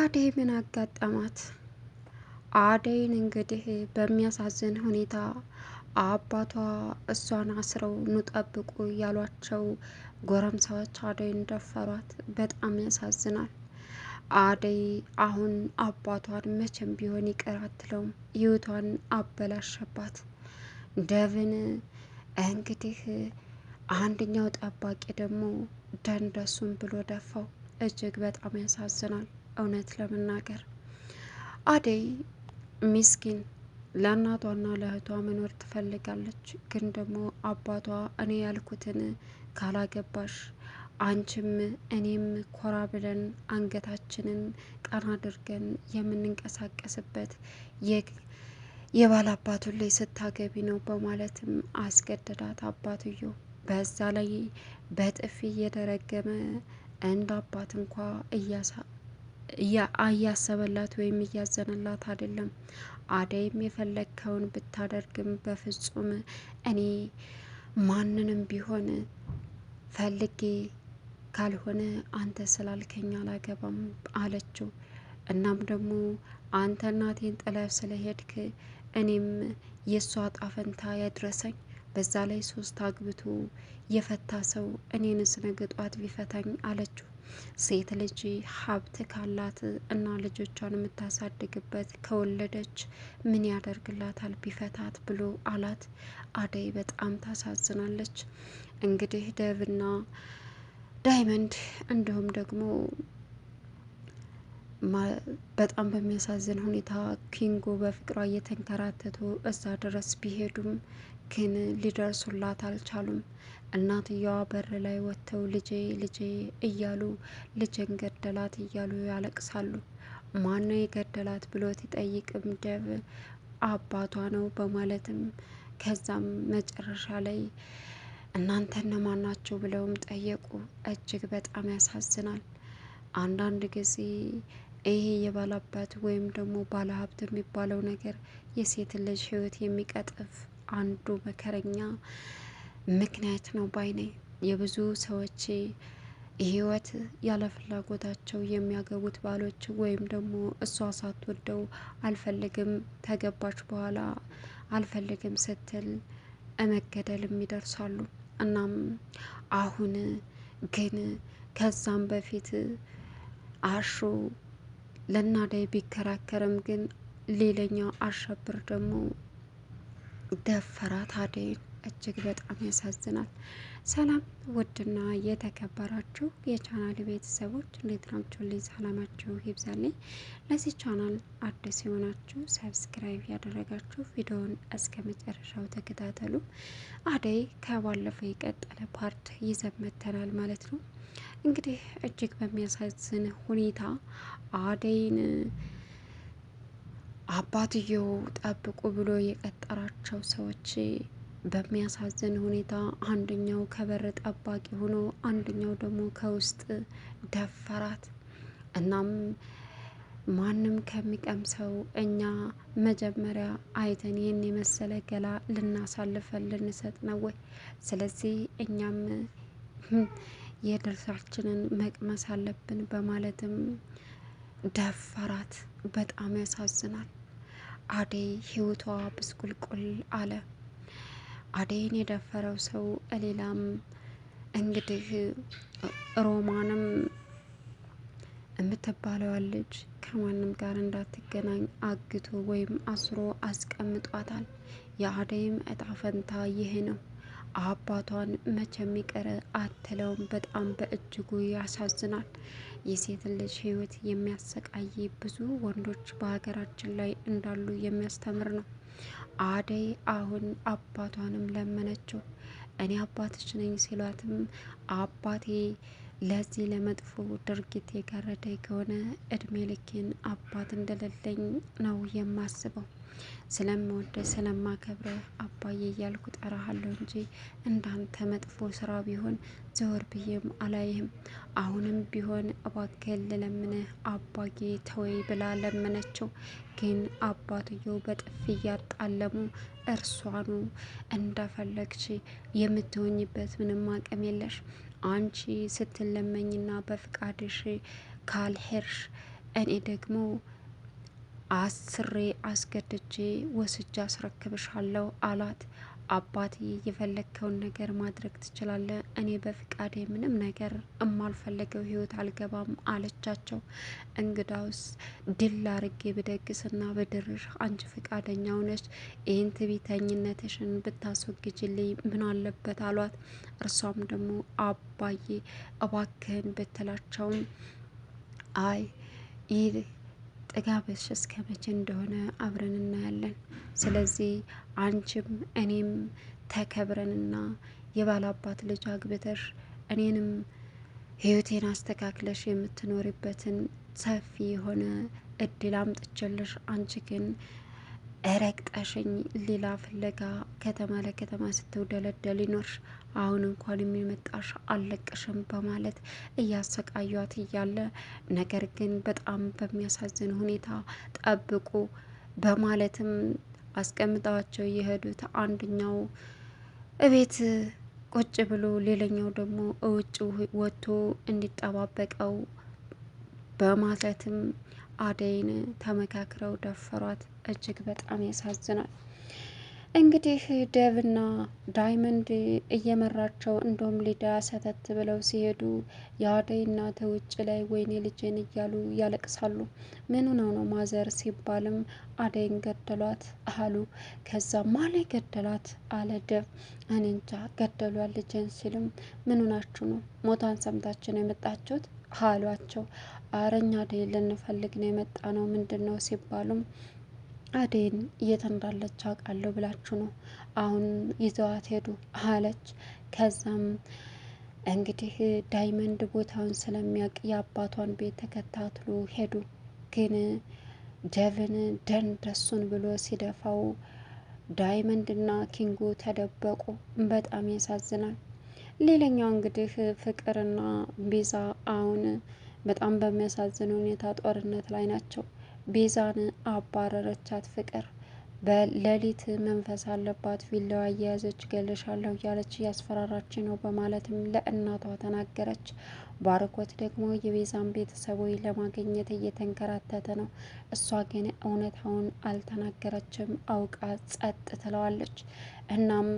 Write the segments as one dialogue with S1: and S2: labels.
S1: አደይ ምን አጋጠማት? አደይን እንግዲህ በሚያሳዝን ሁኔታ አባቷ እሷን አስረው ኑ ጠብቁ ያሏቸው ጎረምሳዎች አደይን ደፈሯት። በጣም ያሳዝናል። አደይ አሁን አባቷን መቼም ቢሆን ይቅር አትለውም። አበላሸባት። ደብን እንግዲህ አንደኛው ጠባቂ ደግሞ ደንደሱን ብሎ ደፋው። እጅግ በጣም ያሳዝናል። እውነት ለመናገር አደይ ሚስኪን ለእናቷና ለእህቷ መኖር ትፈልጋለች። ግን ደግሞ አባቷ እኔ ያልኩትን ካላገባሽ አንቺም እኔም ኮራ ብለን አንገታችንን ቀና አድርገን የምንንቀሳቀስበት የባል አባቱን ላይ ስታገቢ ነው በማለትም አስገደዳት። አባትዮ በዛ ላይ በጥፊ እየደረገመ እንደ አባት እንኳ እያሳ እያሰበላት ወይም እያዘነላት አይደለም። አደይም የፈለግከውን ብታደርግም በፍጹም እኔ ማንንም ቢሆን ፈልጌ ካልሆነ አንተ ስላልከኝ አላገባም አለችው። እናም ደግሞ አንተ እናቴን ጥለህ ስለሄድክ እኔም የእሷ ጣፈንታ ያድረሰኝ። በዛ ላይ ሶስት አግብቶ የፈታ ሰው እኔን ስነግጧት ቢፈታኝ አለችው። ሴት ልጅ ሀብት ካላት እና ልጆቿን የምታሳድግበት ከወለደች ምን ያደርግላታል ቢፈታት ብሎ አላት። አደይ በጣም ታሳዝናለች። እንግዲህ ደብና ዳይመንድ እንዲሁም ደግሞ በጣም በሚያሳዝን ሁኔታ ኪንጎ በፍቅሯ እየተንከራተቱ እዛ ድረስ ቢሄዱም ግን ሊደርሱላት አልቻሉም። እናትየዋ በር ላይ ወጥተው ልጄ ልጄ እያሉ ልጄን ገደላት እያሉ ያለቅሳሉ። ማነው የገደላት ብሎ ሲጠይቅም ደብ አባቷ ነው በማለትም ከዛም መጨረሻ ላይ እናንተ እነማን ናቸው ብለውም ጠየቁ። እጅግ በጣም ያሳዝናል። አንዳንድ ጊዜ ይሄ የባላባት ወይም ደግሞ ባለሀብት የሚባለው ነገር የሴት ልጅ ሕይወት የሚቀጥፍ አንዱ መከረኛ ምክንያት ነው ባይኔ የብዙ ሰዎች ህይወት ያለ ፍላጎታቸው የሚያገቡት ባሎች ወይም ደግሞ እሷ ሳትወደው አልፈልግም ተገባች በኋላ አልፈልግም ስትል እመገደልም ይደርሳሉ። እናም አሁን ግን ከዛም በፊት አሹ ለናዳይ ቢከራከርም ግን ሌላኛው አሸብር ደግሞ ደፈራት አደይን እጅግ በጣም ያሳዝናል። ሰላም ውድና የተከበራችሁ የቻናል ቤተሰቦች እንዴት ናችሁ? ልይ ሰላማችሁ ይብዛልኝ። ለዚህ ቻናል አዲስ የሆናችሁ ሰብስክራይብ ያደረጋችሁ ቪዲዮውን እስከ መጨረሻው ተከታተሉ። አደይ ከባለፈው የቀጠለ ፓርት ይዘመተናል ማለት ነው። እንግዲህ እጅግ በሚያሳዝን ሁኔታ አደይን አባትየው ጠብቁ ብሎ የቀጠራቸው ሰዎች በሚያሳዝን ሁኔታ አንደኛው ከበር ጠባቂ ሆኖ አንደኛው ደግሞ ከውስጥ ደፈራት። እናም ማንም ከሚቀምሰው እኛ መጀመሪያ አይተን ይህን የመሰለ ገላ ልናሳልፈን ልንሰጥ ነው ወይ? ስለዚህ እኛም የድርሳችንን መቅመስ አለብን በማለትም ደፈራት። በጣም ያሳዝናል። አደይ ህይወቷ ብስቁልቁል አለ። አደይን የደፈረው ሰው ሌላም እንግዲህ ሮማንም የምትባለው ልጅ ከማንም ጋር እንዳትገናኝ አግቶ ወይም አስሮ አስቀምጧታል። የአደይም እጣ ፈንታ ይህ ነው። አባቷን መቼም ይቅር አትለውም። በጣም በእጅጉ ያሳዝናል። የሴት ልጅ ሕይወት የሚያሰቃይ ብዙ ወንዶች በሀገራችን ላይ እንዳሉ የሚያስተምር ነው። አደይ አሁን አባቷንም ለመነችው። እኔ አባትሽ ነኝ ሲሏትም አባቴ ለዚህ ለመጥፎ ድርጊት የጋረደ ከሆነ እድሜ ልኬን አባት እንደሌለኝ ነው የማስበው። ስለምወደ ስለማከብረ አባዬ እያልኩ ጠራሃለሁ እንጂ እንዳንተ መጥፎ ስራ ቢሆን ዘወር ብዬም አላይህም። አሁንም ቢሆን እባክህን ልለምንህ አባጌ ተወይ ብላ ለመነችው። ግን አባትየው በጥፊ እያጣለሙ እርሷኑ እንዳፈለግች የምትሆኝበት ምንም አቅም የለሽ አንቺ ስትለመኝና በፍቃድሽ ካልሄርሽ እኔ ደግሞ አስሬ አስገድጄ ወስጄ አስረክብሻለሁ አላት። አባቴ የፈለግከውን ነገር ማድረግ ትችላለህ፣ እኔ በፍቃዴ ምንም ነገር እማልፈለገው ህይወት አልገባም አለቻቸው። እንግዳውስ ድል አርጌ ብደግስና ብድርሽ አንቺ ፍቃደኛ ሆነች ይህን ትቢተኝነትሽን ብታስወግጅልኝ ምን አለበት አሏት። እርሷም ደግሞ አባዬ እባክህን ብትላቸውም አይ ይህ ጥጋብሽ እስከ መቼ እንደሆነ አብረን እናያለን። ስለዚህ አንቺም እኔም ተከብረንና የባላባት ልጅ አግብተሽ እኔንም ህይወቴን አስተካክለሽ የምትኖሪበትን ሰፊ የሆነ እድል አምጥቼልሽ አንቺ ግን እረግጠሽኝ ሌላ ፍለጋ ከተማ ለከተማ ስትውደለደል ይኖርሽ አሁን እንኳን የሚመጣሽ አልለቅሽም በማለት እያሰቃዩት እያለ ነገር ግን በጣም በሚያሳዝን ሁኔታ ጠብቁ በማለትም አስቀምጠዋቸው የሄዱት አንደኛው እቤት ቁጭ ብሎ ሌላኛው ደግሞ እውጭ ወጥቶ እንዲጠባበቀው በማለትም አደይን ተመካክረው ደፈሯት። እጅግ በጣም ያሳዝናል። እንግዲህ ደቭና ዳይመንድ እየመራቸው እንደውም ሊዳ ሰተት ብለው ሲሄዱ የአደይ እናት ውጭ ላይ ወይኔ ልጄን እያሉ ያለቅሳሉ። ምን ነው ነው ማዘር ሲባልም አደይን ገደሏት አሉ። ከዛ ማላይ ገደላት አለ ደብ። እኔ እንጃ ገደሏት ልጄን ሲልም ምኑ ናችሁ ነው ሞታን ሰምታችን የመጣችሁት አሏቸው። አረኛ አደይ ልንፈልግ ነው የመጣ ነው ምንድን ነው ሲባሉም አዴን የት እንዳለች አውቃለሁ ብላችሁ ነው አሁን ይዘዋት ሄዱ አለች። ከዛም እንግዲህ ዳይመንድ ቦታውን ስለሚያውቅ የአባቷን ቤት ተከታትሎ ሄዱ። ግን ደን ደንደሱን ብሎ ሲደፋው ዳይመንድና ኪንጉ ተደበቁ። በጣም ያሳዝናል። ሌላኛው እንግዲህ ፍቅርና ቤዛ አሁን በጣም በሚያሳዝን ሁኔታ ጦርነት ላይ ናቸው። ቤዛን አባረረቻት። ፍቅር በሌሊት መንፈስ አለባት ቪላዋ እየያዘች ገለሻለሁ እያለች እያስፈራራች ነው በማለትም ለእናቷ ተናገረች። ባርኮት ደግሞ የቤዛን ቤተሰቦች ለማግኘት እየተንከራተተ ነው። እሷ ግን እውነታውን አልተናገረችም፣ አውቃ ጸጥ ትለዋለች። እናም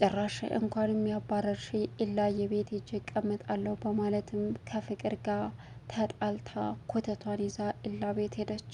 S1: ጭራሽ እንኳን ያባረርሽ ኢላ የቤት ሄጄ እቀመጣለሁ በማለትም ከፍቅር ጋር ተጣልታ ኮተቷን ይዛ እላ ቤት ሄደች።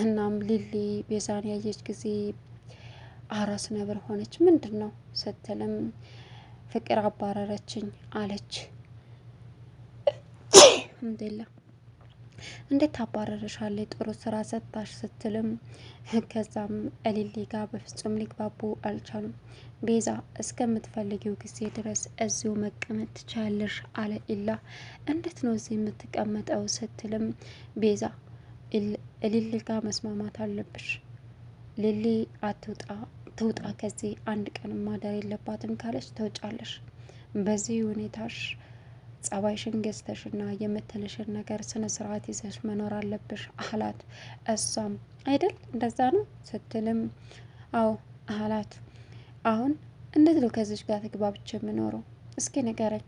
S1: እናም ሊሊ ቤዛን ያየች ጊዜ አራስ ነብር ሆነች። ምንድን ነው ስትልም ፍቅር አባረረችኝ አለች። አልሐምዱሊላህ እንዴት ታባረርሻለች ጥሩ ስራ ሰጥታሽ ስትልም ከዛም እሊሊ ጋር በፍጹም ሊግባቡ አልቻሉም። ቤዛ እስከምትፈልጊው ጊዜ ድረስ እዚሁ መቀመጥ ትችያለሽ አለ ኢላ። እንዴት ነው እዚህ የምትቀመጠው ስትልም ቤዛ እሊሊ ጋር መስማማት አለብሽ ሊሊ አትውጣ ትውጣ ከዚህ አንድ ቀን ማደር የለባትም ካለች ተውጫለሽ በዚህ ሁኔታሽ ጸባይሽን ገዝተሽና የምትልሽን ነገር ስነ ስርዓት ይዘሽ መኖር አለብሽ አላት። እሷም አይደል እንደዛ ነው ስትልም አዎ አላት። አሁን እንዴት ነው ከዚች ጋር ተግባብቼ የምኖረው እስኪ ንገረኝ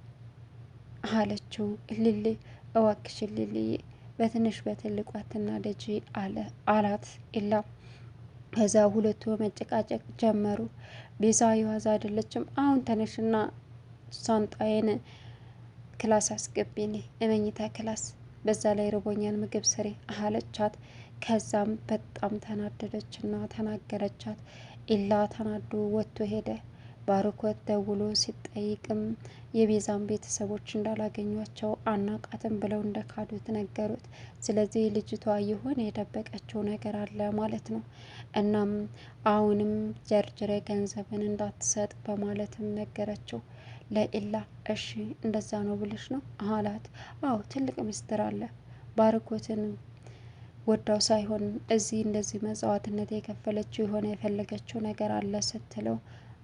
S1: አለችው። ልሌ እወክሽ ልልዬ በትንሽ በትልቁ አትናደጂ አለ አላት ኢላ ከዛ ሁለቱ መጨቃጨቅ ጀመሩ። ቤዛ የዋዛ አይደለችም። አሁን ተነሽና ሳንጣዬን ክላስ አስገቢኔ እመኝታ ክላስ በዛ ላይ ርቦኛል ምግብ ስሪ አለቻት። ከዛም በጣም ተናደደችና ተናገረቻት። ኢላ ተናዶ ወጥቶ ሄደ። ባርኮት ደውሎ ሲጠይቅም የቤዛን ቤተሰቦች እንዳላገኟቸው አናቃትም ብለው እንደካዱት ነገሩት። ስለዚህ ልጅቷ የሆነ የደበቀችው ነገር አለ ማለት ነው። እናም አሁንም ጀርጅሬ ገንዘብን እንዳትሰጥ በማለትም ነገረችው። ለኢላ እሺ እንደዛ ነው ብለሽ ነው አላት። አዎ ትልቅ ምስጢር አለ። ባርኮትን ወዳው ሳይሆን እዚህ እንደዚህ መስዋዕትነት የከፈለችው የሆነ የፈለገችው ነገር አለ ስትለው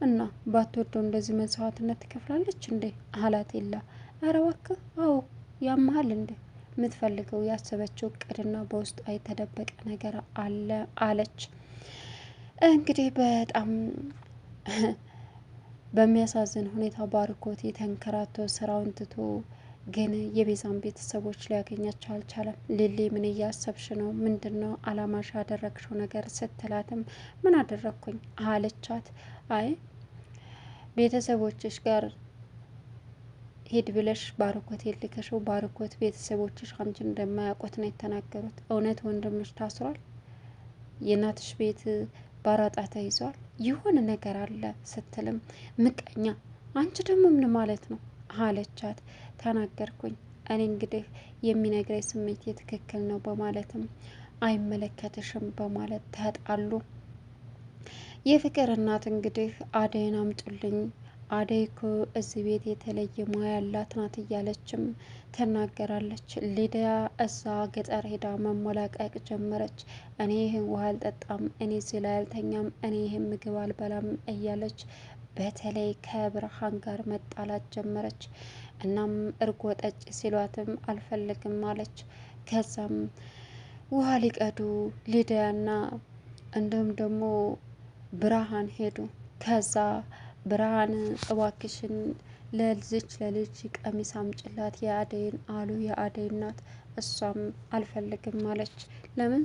S1: እና ባትወደው እንደዚህ መስዋዕትነት ትከፍላለች እንዴ አላት። ኢላ ኧረ እባክህ አዎ ያመሀል እንዴ የምትፈልገው ያሰበችው እቅድና በውስጡ የተደበቀ ነገር አለ አለች። እንግዲህ በጣም በሚያሳዝን ሁኔታ ባርኮት የተንከራቶ ስራውን ትቶ ግን የቤዛን ቤተሰቦች ሊያገኛቸው አልቻለም። ሊሊ ምን እያሰብሽ ነው? ምንድን ነው አላማሽ ያደረግሽው ነገር ስትላትም ምን አደረግኩኝ አለቻት። አይ ቤተሰቦችሽ ጋር ሄድ ብለሽ ባርኮት የልከሽው ባርኮት ቤተሰቦችሽ አንቺን እንደማያውቁት ነው የተናገሩት። እውነት ወንድምሽ ታስሯል፣ የእናትሽ ቤት ባራጣ ተይዟል የሆነ ነገር አለ ስትልም ምቀኛ አንቺ ደግሞ ምን ማለት ነው አለቻት። ተናገርኩኝ እኔ እንግዲህ የሚነግረኝ ስሜት የትክክል ነው በማለትም አይመለከትሽም በማለት ተጣሉ። የፍቅር እናት እንግዲህ አደይን አምጡልኝ አደይ እኮ እዚህ ቤት የተለየ ሙያ ያላት ናት እያለችም ትናገራለች። ሊዲያ እዛ ገጠር ሄዳ መሞላቀቅ ጀመረች። እኔ ይህን ውሃ አልጠጣም፣ እኔ እዚህ ላይ አልተኛም፣ እኔ ይህን ምግብ አልበላም እያለች በተለይ ከብርሃን ጋር መጣላት ጀመረች። እናም እርጎ ጠጭ ሲሏትም አልፈልግም አለች። ከዛም ውሃ ሊቀዱ ሊዲያና እንዲሁም ደግሞ ብርሃን ሄዱ። ከዛ ብርሃን እባክሽን ለልጅ ለልጅ ቀሚስ አምጭላት የአደይን አሉ የአደይ እናት። እሷም አልፈልግም አለች። ለምን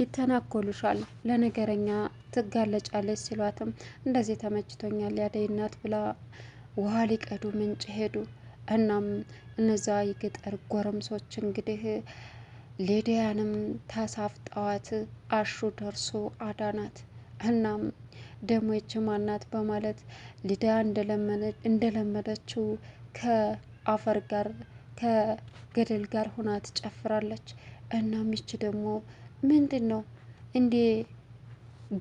S1: ይተናኮሉሻል፣ ለነገረኛ ትጋለጫለች ሲሏትም እንደዚህ ተመችቶኛል የአደይ እናት ብላ ውሃ ሊቀዱ ምንጭ ሄዱ። እናም እነዛ የገጠር ጎረምሶች እንግዲህ ሌዲያንም ታሳፍጠዋት አሹ ደርሶ አዳናት። እናም ደግሞ ይች ማናት በማለት ሊዲያ እንደለመደችው ከአፈር ጋር ከገደል ጋር ሆና ትጨፍራለች። እና ሚች ደግሞ ምንድን ነው እንዴ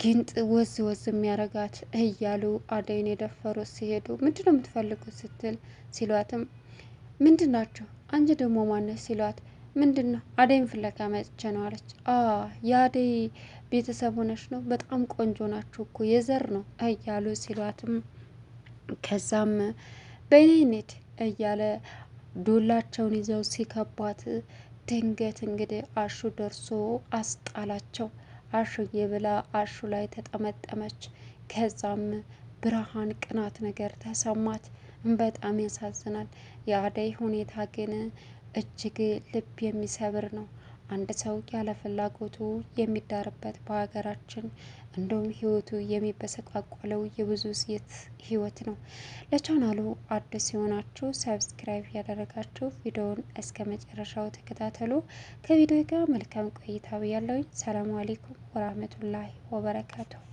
S1: ጊንጥ ወዝ ወዝ የሚያረጋት እያሉ አደይን የደፈሩ ሲሄዱ ምንድን ነው የምትፈልጉት ስትል ሲሏትም ምንድን ናችሁ አንቺ ደግሞ ማነስ ሲሏት ምንድን ነው አደይን ፍለጋ መጥቼ ነው አለች። አ የአደይ ቤተሰብ ሆነች ነው በጣም ቆንጆ ናችሁ እኮ የዘር ነው እያሉ ሲሏትም ከዛም በኔኔት እያለ ዱላቸውን ይዘው ሲከቧት ድንገት እንግዲህ አሹ ደርሶ አስጣላቸው። አሹ ብላ አሹ ላይ ተጠመጠመች። ከዛም ብርሃን ቅናት ነገር ተሰማት። በጣም ያሳዝናል። የአደይ ሁኔታ ግን እጅግ ልብ የሚሰብር ነው። አንድ ሰው ያለ ፍላጎቱ የሚዳርበት በሀገራችን እንዲሁም ህይወቱ የሚበሰቃቆለው የብዙ ሴት ህይወት ነው። ለቻናሉ አዲስ የሆናችሁ ሰብስክራይብ ያደረጋችሁ ቪዲዮውን እስከ መጨረሻው ተከታተሉ። ከቪዲዮ ጋር መልካም ቆይታ ብያለሁኝ። ሰላም አሌይኩም ወራህመቱላሂ ወበረካቱሁ